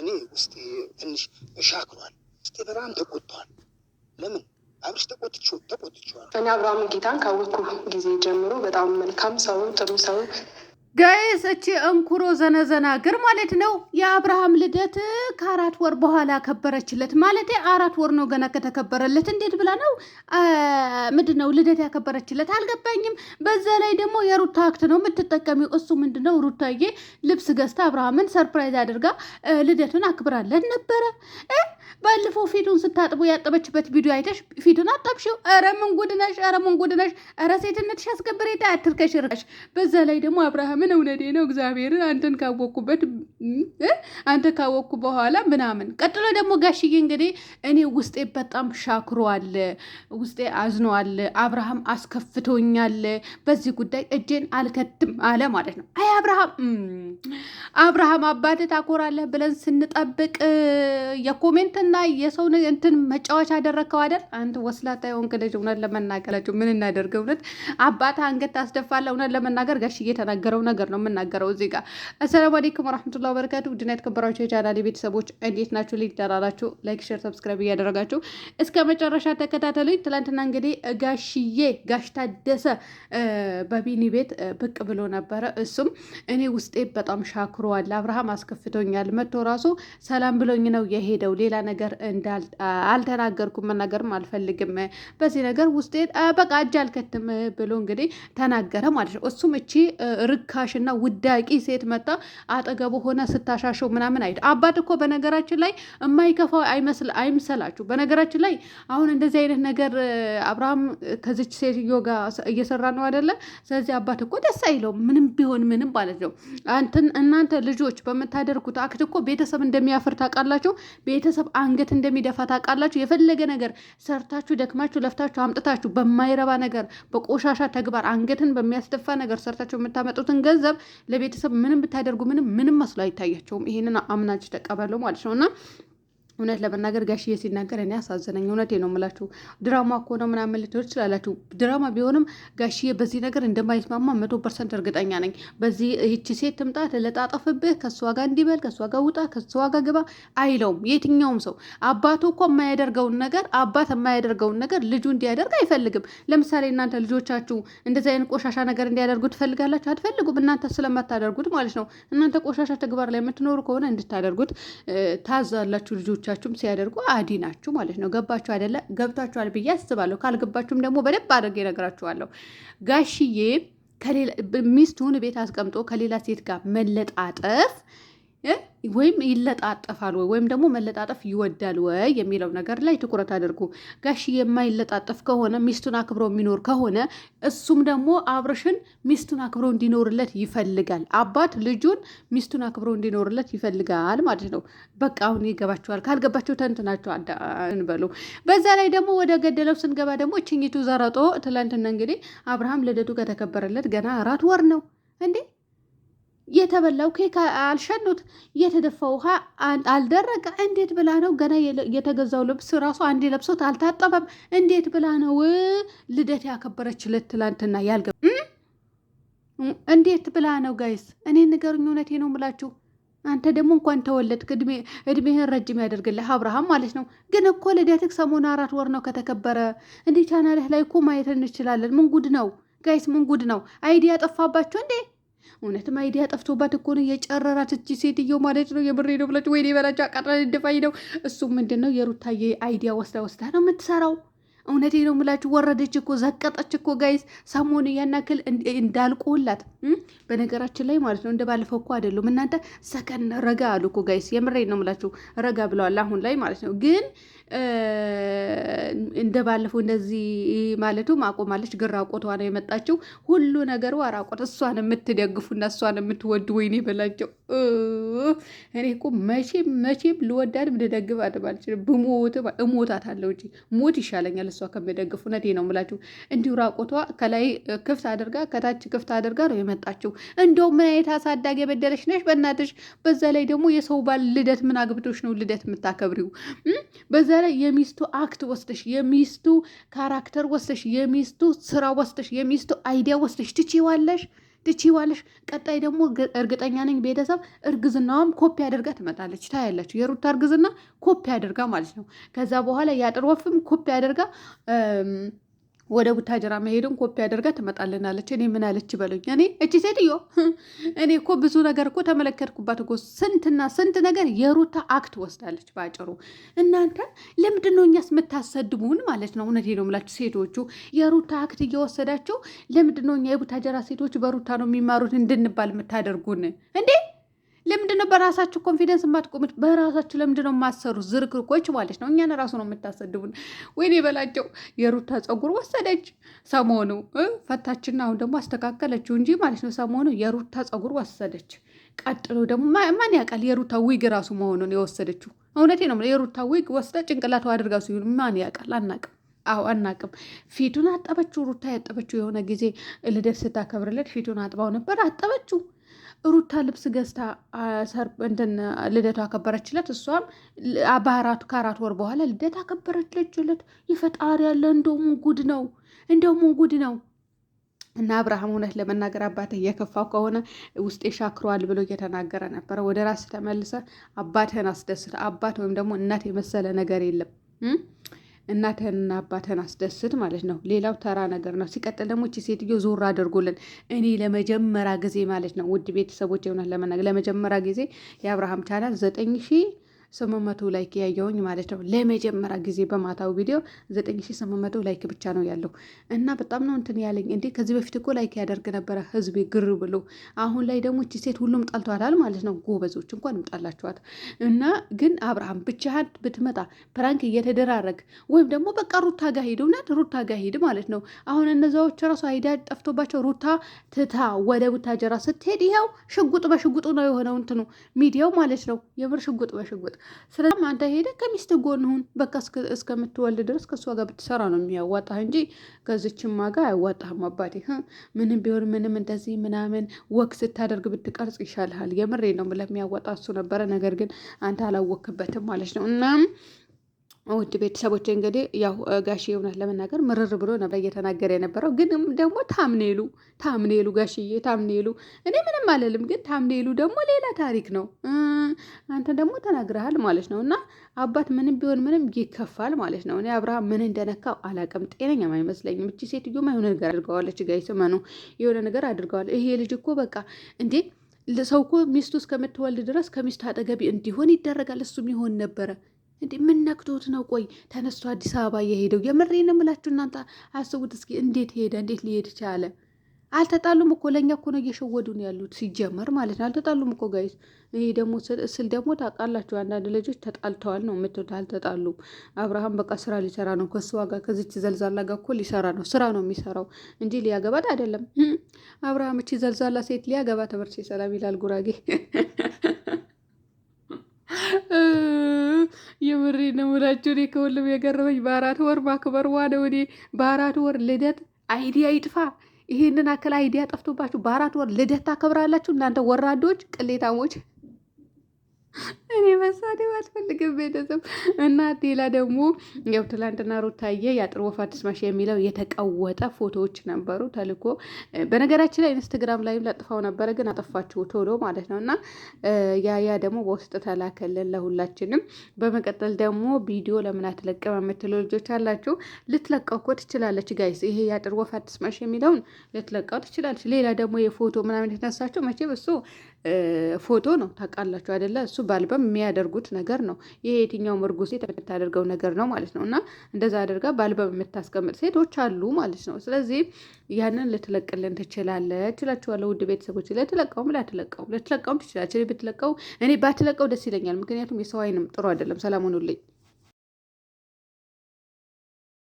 እኔ ውስጤ ትንሽ እሻክሯል። ውስጤ በጣም ተቆጥቷል። ለምን አብርሽ ተቆጥቼ ተቆጥቼዋል። እኔ አብርሃም ጌታን ካወቅኩ ጊዜ ጀምሮ በጣም መልካም ሰው፣ ጥሩ ሰው ጋይስ እቺ እንኩሮ ዘነዘና ግር ማለት ነው። የአብርሃም ልደት ከአራት ወር በኋላ ከበረችለት ማለት አራት ወር ነው ገና ከተከበረለት። እንዴት ብላ ነው ምንድን ነው ልደት ያከበረችለት አልገባኝም። በዛ ላይ ደግሞ የሩታ አክት ነው የምትጠቀሚው። እሱ ምንድን ነው ሩታዬ ልብስ ገዝታ አብርሃምን ሰርፕራይዝ አድርጋ ልደቱን አክብራለት ነበረ። ባለፈው ፊቱን ስታጥቡ ያጠበችበት ቪዲዮ አይተሽ ፊቱን አጠብሽው። ኧረ ምን ጉድ ነሽ! ኧረ ምን ጉድ ነሽ! ኧረ ሴትነትሽ አስከብሬ አትርከሽ ርቀሽ። በዛ ላይ ደግሞ አብርሃምን እውነዴ ነው እግዚአብሔርን አንተን ካወቅኩበት አንተ ካወቅኩ በኋላ ምናምን። ቀጥሎ ደግሞ ጋሽዬ እንግዲህ እኔ ውስጤ በጣም ሻክሯል፣ ውስጤ አዝኗል፣ አብርሃም አስከፍቶኛል፣ በዚህ ጉዳይ እጄን አልከትም አለ ማለት ነው። አይ አብርሃም አብርሃም አባት ታኮራለህ ብለን ስንጠብቅ የኮሜንት ትናንትና የሰው እንትን መጫወቻ አደረግከው አይደል? አንተ ወስላታ የሆንክ ልጅ እውነት ለመናገራቸው ምን እናደርግ? እውነት አባት አንገት ታስደፋለ። እውነት ለመናገር ጋሽ እየተናገረው ነገር ነው የምናገረው እዚህ ጋር። አሰላሙ አለይኩም ወራህመቱላሂ ወበረካቱ። ውድና የተከበራችሁ የቻናሌ ቤተሰቦች እንዴት ናችሁ? ልጅ ተራራችሁ ላይክ፣ ሼር፣ ሰብስክራይብ እያደረጋችሁ እስከ መጨረሻ ተከታተሉኝ። ትላንትና እንግዲህ ጋሽዬ ጋሽ ታደሰ በቢኒ ቤት ብቅ ብሎ ነበረ። እሱም እኔ ውስጤ በጣም ሻክሮዋል። አብርሃም አስከፍቶኛል፣ መጥቶ ራሱ ሰላም ብሎኝ ነው የሄደው ሌላ ነገር አልተናገርኩም መናገርም አልፈልግም በዚህ ነገር ውስጤ በቃ እጅ አልከትም ብሎ እንግዲህ ተናገረ ማለት ነው። እሱም እቺ ርካሽና ውዳቂ ሴት መጣ አጠገቡ ሆነ ስታሻሸው ምናምን አይ አባት እኮ በነገራችን ላይ የማይከፋው አይምሰላችሁ። በነገራችን ላይ አሁን እንደዚህ አይነት ነገር አብርሃም ከዚች ሴትዮ ጋር እየሰራ ነው አይደለ? ስለዚህ አባት እኮ ደስ አይለው ምንም ቢሆን ምንም ማለት ነው። እናንተ ልጆች በምታደርጉት አክት እኮ ቤተሰብ እንደሚያፈር ታውቃላችሁ። ቤተሰብ አንገት እንደሚደፋ ታውቃላችሁ። የፈለገ ነገር ሰርታችሁ ደክማችሁ ለፍታችሁ አምጥታችሁ በማይረባ ነገር በቆሻሻ ተግባር አንገትን በሚያስደፋ ነገር ሰርታችሁ የምታመጡትን ገንዘብ ለቤተሰብ ምንም ብታደርጉ ምንም ምንም መስሎ አይታያቸውም። ይሄንን አምናችሁ ተቀበሉ ማለት ነው እና እውነት ለመናገር ጋሽዬ ሲናገር እኔ አሳዘነኝ። እውነቴ ነው የምላችሁ። ድራማ እኮ ነው ምናምን ልትሆን ትችላላችሁ። ድራማ ቢሆንም ጋሽዬ በዚህ ነገር እንደማይስማማ መቶ ፐርሰንት እርግጠኛ ነኝ። በዚህ ይቺ ሴት ትምጣ፣ ለጣጠፍብህ፣ ከእሷ ጋር እንዲበል፣ ከእሷ ጋር ውጣ፣ ከእሷ ጋር ግባ አይለውም። የትኛውም ሰው አባቱ እኮ የማያደርገውን ነገር አባት የማያደርገውን ነገር ልጁ እንዲያደርግ አይፈልግም። ለምሳሌ እናንተ ልጆቻችሁ እንደዚህ አይነት ቆሻሻ ነገር እንዲያደርጉ ትፈልጋላችሁ? አትፈልጉም። እናንተ ስለማታደርጉት ማለት ነው። እናንተ ቆሻሻ ተግባር ላይ የምትኖሩ ከሆነ እንድታደርጉት ታዛላችሁ ልጆቻችሁ ሌሎቻችሁም ሲያደርጉ አዲ ናችሁ ማለት ነው። ገባችሁ አይደለ? ገብታችኋል ብዬ አስባለሁ። ካልገባችሁም ደግሞ በደንብ አድርጌ እነግራችኋለሁ። ጋሽዬ ሚስቱን ቤት አስቀምጦ ከሌላ ሴት ጋር መለጣጠፍ ወይም ይለጣጠፋል ወይ ወይም ደግሞ መለጣጠፍ ይወዳል ወይ የሚለው ነገር ላይ ትኩረት አድርጉ። ጋሽ የማይለጣጠፍ ከሆነ ሚስቱን አክብሮ የሚኖር ከሆነ እሱም ደግሞ አብርሽን ሚስቱን አክብሮ እንዲኖርለት ይፈልጋል። አባት ልጁን ሚስቱን አክብሮ እንዲኖርለት ይፈልጋል ማለት ነው። በቃ አሁን ይገባችኋል። ካልገባቸው ተንትናቸው እንበሉ። በዛ ላይ ደግሞ ወደ ገደለው ስንገባ ደግሞ እችኝቱ ዘረጦ ትላንትና እንግዲህ አብርሃም ልደቱ ከተከበረለት ገና አራት ወር ነው እንዴ የተበላው ኬክ አልሸኑት፣ የተደፋው ውሃ አልደረቀ። እንዴት ብላ ነው ገና የተገዛው ልብስ ራሱ አንዴ ለብሶት አልታጠበም። እንዴት ብላ ነው ልደት ያከበረችለት ትላንትና ያልገ እንዴት ብላ ነው ጋይስ? እኔ ንገሩኝ። እውነቴ ነው ምላችሁ። አንተ ደግሞ እንኳን ተወለድክ እድሜህን ረጅም ያደርግልህ አብርሃም ማለት ነው። ግን እኮ ልደትክ ሰሞኑ አራት ወር ነው ከተከበረ። እንዴ ቻናልህ ላይ እኮ ማየት እንችላለን። ምን ጉድ ነው ጋይስ? ምን ጉድ ነው? አይዲያ ጠፋባቸው እንዴ? እውነትም አይዲያ ጠፍቶባት እኮ ነው የጨረራት እቺ ሴትዮ ማለት ነው። የምሬ ነው ብለች ወይኔ በላቸው አቃጥራ ደፋኝ ነው እሱ ምንድን ነው የሩታዬ አይዲያ ወስዳ ወስዳ ነው የምትሰራው። እውነቴ ነው ምላችሁ ወረደች እኮ ዘቀጠች እኮ ጋይስ። ሰሞኑ ያናክል እንዳልቆላት በነገራችን ላይ ማለት ነው። እንደ ባለፈው እኮ አይደሉም እናንተ። ሰከን ረጋ አሉ እኮ ጋይስ። የምሬ ነው ምላችሁ። ረጋ ብለዋል አሁን ላይ ማለት ነው ግን እንደ ባለፈው እንደዚህ ማለቱም አቆማለች። ግራ አቆቷ ነው የመጣችው። ሁሉ ነገሩ አራቆት። እሷን የምትደግፉና እሷን የምትወዱ ወይኔ በላቸው። እኔ እኮ መቼም መቼም ልወዳድም ልደግፍ አድማልች ብሞት አለው እ ሞት ይሻለኛል እሷ ከምደግፍ። እውነቴን ነው ምላችሁ። እንዲሁ ራቆቷ ከላይ ክፍት አድርጋ ከታች ክፍት አድርጋ ነው የመጣችው። እንደው ምን አይነት አሳዳጊ የበደለች ነሽ በእናትሽ። በዛ ላይ ደግሞ የሰው ባል ልደት ምን አግብቶች ነው ልደት የምታከብሪው? በዛ ላይ የሚስቱ አክት ወስደሽ የሚስቱ ካራክተር ወስደሽ የሚስቱ ስራ ወስደሽ የሚስቱ አይዲያ ወስደሽ ትችዋለሽ ትችዋለሽ። ቀጣይ ደግሞ እርግጠኛ ነኝ ቤተሰብ እርግዝናዋም ኮፒ አድርጋ ትመጣለች። ታያለች የሩታ እርግዝና ኮፒ አድርጋ ማለት ነው። ከዛ በኋላ ያጥር ወፍም ኮፒ አድርጋ ወደ ቡታጀራ መሄድን ኮፒ አድርጋ ትመጣልናለች። እኔ ምን አለች በሉኝ። እኔ እቺ ሴትዮ እኔ እኮ ብዙ ነገር እኮ ተመለከትኩባት እኮ ስንትና ስንት ነገር የሩታ አክት ወስዳለች። ባጭሩ እናንተ ለምንድን ነው እኛስ የምታሰድቡን ማለት ነው? እውነቴ ነው የምላችሁ ሴቶቹ የሩታ አክት እየወሰዳችሁ ለምንድን ነው እኛ የቡታጀራ ሴቶች በሩታ ነው የሚማሩት እንድንባል የምታደርጉን እንዴ? ለምንድን ነው በራሳችሁ ኮንፊደንስ የማትቆሙት? በራሳችሁ ለምንድን ነው የማትሰሩት? ዝርክርኮች ማለት ነው። እኛን ራሱ ነው የምታሰድቡን። ወይኔ በላቸው። የሩታ ፀጉር ወሰደች ሰሞኑ ፈታችና፣ አሁን ደግሞ አስተካከለችው እንጂ ማለት ነው። ሰሞኑ የሩታ ፀጉር ወሰደች። ቀጥሎ ደግሞ ማን ያውቃል የሩታ ዊግ ራሱ መሆኑን የወሰደችው። እውነቴ ነው። የሩታ ዊግ ወስደ ጭንቅላት አድርጋ ሲሆን ማን ያውቃል? አናውቅም አዎ አናቅም። ፊቱን አጠበችው ሩታ ያጠበችው የሆነ ጊዜ ልደት ስታከብርለት ፊቱን አጥባው ነበር አጠበችው። ሩታ ልብስ ገዝታ እንትን ልደቱ አከበረችለት። እሷም በአራቱ ከአራት ወር በኋላ ልደት አከበረችለችለት። የፈጣሪ ያለ እንደውም ጉድ ነው፣ እንደውም ጉድ ነው። እና አብርሃም እውነት ለመናገር አባት እየከፋው ከሆነ ውስጤ ሻክሯል ብሎ እየተናገረ ነበረ። ወደ ራስ ተመልሰ አባትህን አስደስተ። አባት ወይም ደግሞ እናት የመሰለ ነገር የለም። እናትህንና አባትህን አስደስት ማለት ነው። ሌላው ተራ ነገር ነው። ሲቀጥል ደግሞ እቺ ሴትዮ ዞር አድርጎልን እኔ ለመጀመሪያ ጊዜ ማለት ነው ውድ ቤተሰቦች የሆነ ለመናገር ለመጀመሪያ ጊዜ የአብርሃም ቻናል ዘጠኝ ሺህ ስምንት መቶ ላይክ ያየውኝ ማለት ነው። ለመጀመሪያ ጊዜ በማታው ቪዲዮ ዘጠኝ ሺ ስምንት መቶ ላይክ ብቻ ነው ያለው እና በጣም ነው እንትን ያለኝ። እንዴ ከዚህ በፊት እኮ ላይክ ያደርግ ነበረ ህዝቤ ግር ብሎ፣ አሁን ላይ ደግሞ እቺ ሴት ሁሉም ጠልቷታል ማለት ነው። ጎበዞች እንኳን ምጣላችኋት እና ግን አብርሃም ብቻህን ብትመጣ ፕራንክ እየተደራረግ ወይም ደግሞ በቃ ሩታ ጋር ሂድ፣ እውነት ሩታ ጋር ሂድ ማለት ነው። አሁን እነዛዎች ራሱ አይዳ ጠፍቶባቸው ሩታ ትታ ወደ ቡታጀራ ስትሄድ ይኸው ሽጉጥ በሽጉጡ ነው የሆነው እንትኑ ሚዲያው ማለት ነው። የምር ሽጉጥ በሽጉጥ ስለዚም አንተ ሄደህ ከሚስትህ ጎን ሁን። በቃ እስከምትወልድ ድረስ ከእሷ ጋር ብትሰራ ነው የሚያዋጣህ እንጂ ከዚችማ ጋር አያዋጣህም። አባቴ ምንም ቢሆን ምንም እንደዚህ ምናምን ወክ ስታደርግ ብትቀርጽ ይሻልሃል። የምሬ ነው የሚያዋጣ እሱ ነበረ። ነገር ግን አንተ አላወክበትም ማለት ነው እና ውድ ቤተሰቦች እንግዲህ ያው ጋሽዬ እውነት ለመናገር ምርር ብሎ ነበር እየተናገረ የነበረው። ግን ደግሞ ታምኔሉ ታምኔሉ ጋሽዬ ታምኔሉ እኔ ምንም አለልም፣ ግን ታምኔሉ ደግሞ ሌላ ታሪክ ነው። አንተ ደግሞ ተናግረሃል ማለት ነው። እና አባት ምንም ቢሆን ምንም ይከፋል ማለት ነው። እኔ አብርሃም ምን እንደነካው አላውቅም። ጤነኛም አይመስለኝም። እቺ ሴትዮ የሆነ ነገር አድርገዋለች። ጋይ ስማ የሆነ ነገር አድርገዋል። ይሄ ልጅ እኮ በቃ እንዴ ሰው እኮ ሚስቱ እስከምትወልድ ድረስ ከሚስቱ አጠገቢ እንዲሆን ይደረጋል። እሱም ይሆን ነበረ እንዴ ምን ነክቶት ነው? ቆይ ተነስቶ አዲስ አበባ የሄደው የምሬን እምላችሁ እናንተ አስቡት እስኪ። እንዴት ሄደ? እንዴት ሊሄድ ቻለ? አልተጣሉም እኮ ለእኛ እኮ ነው እየሸወዱ ነው ያሉት። ሲጀመር ማለት ነው አልተጣሉም እኮ ጋይስ። ይሄ ደግሞ ስል ደግሞ ታውቃላችሁ፣ አንዳንድ ልጆች ተጣልተዋል ነው የምትወድ። አልተጣሉም። አብርሃም በቃ ስራ ሊሰራ ነው ከእሷ ጋር ከዚች ዘልዛላ ጋር እኮ ሊሰራ ነው። ስራ ነው የሚሰራው እንጂ ሊያገባት አይደለም። አብርሃም እቺ ዘልዛላ ሴት ሊያገባ ተመርቼ ሰላም ይላል ጉራጌ የምሬ ነው ምላችሁ። እኔ ከሁሉም የገረመኝ በአራት ወር ማክበር ነው። እኔ በአራት ወር ልደት አይዲያ ይጥፋ ይህንን አክል አይዲያ ጠፍቶባችሁ በአራት ወር ልደት ታከብራላችሁ እናንተ ወራዶች ቅሌታሞች። እኔ መሳደብ አልፈልግም። ቤተሰብ እና ሌላ ደግሞ ያው ትላንትና ሩታዬ የአጥር ወፍ አዲስ የሚለው የተቀወጠ ፎቶዎች ነበሩ ተልኮ። በነገራችን ላይ ኢንስትግራም ላይም ለጥፋው ነበረ፣ ግን አጠፋችሁ ቶሎ ማለት ነው። እና ያ ያ ደግሞ በውስጥ ተላከልን ለሁላችንም። በመቀጠል ደግሞ ቪዲዮ ለምን አትለቅም የምትሉ ልጆች አላችሁ። ልትለቀው እኮ ትችላለች ጋይስ። ይሄ የአጥር ወፍ አዲስ የሚለውን ልትለቀው ትችላለች። ሌላ ደግሞ የፎቶ ምናምን የተነሳቸው መቼም እሱ ፎቶ ነው። ታውቃላችሁ አይደለ? እሱ በአልበም የሚያደርጉት ነገር ነው። ይሄ የትኛውም እርጉዝ ሴት የምታደርገው ነገር ነው ማለት ነው። እና እንደዛ አድርጋ በአልበም የምታስቀምጥ ሴቶች አሉ ማለት ነው። ስለዚህ ያንን ልትለቅልን ትችላለች እላችኋለሁ። ውድ ቤተሰቦች ላይ ላትለቀውም ልትለቀውም ትችላለች። ብትለቀው እኔ ባትለቀው ደስ ይለኛል። ምክንያቱም የሰው አይንም ጥሩ አይደለም። ሰላም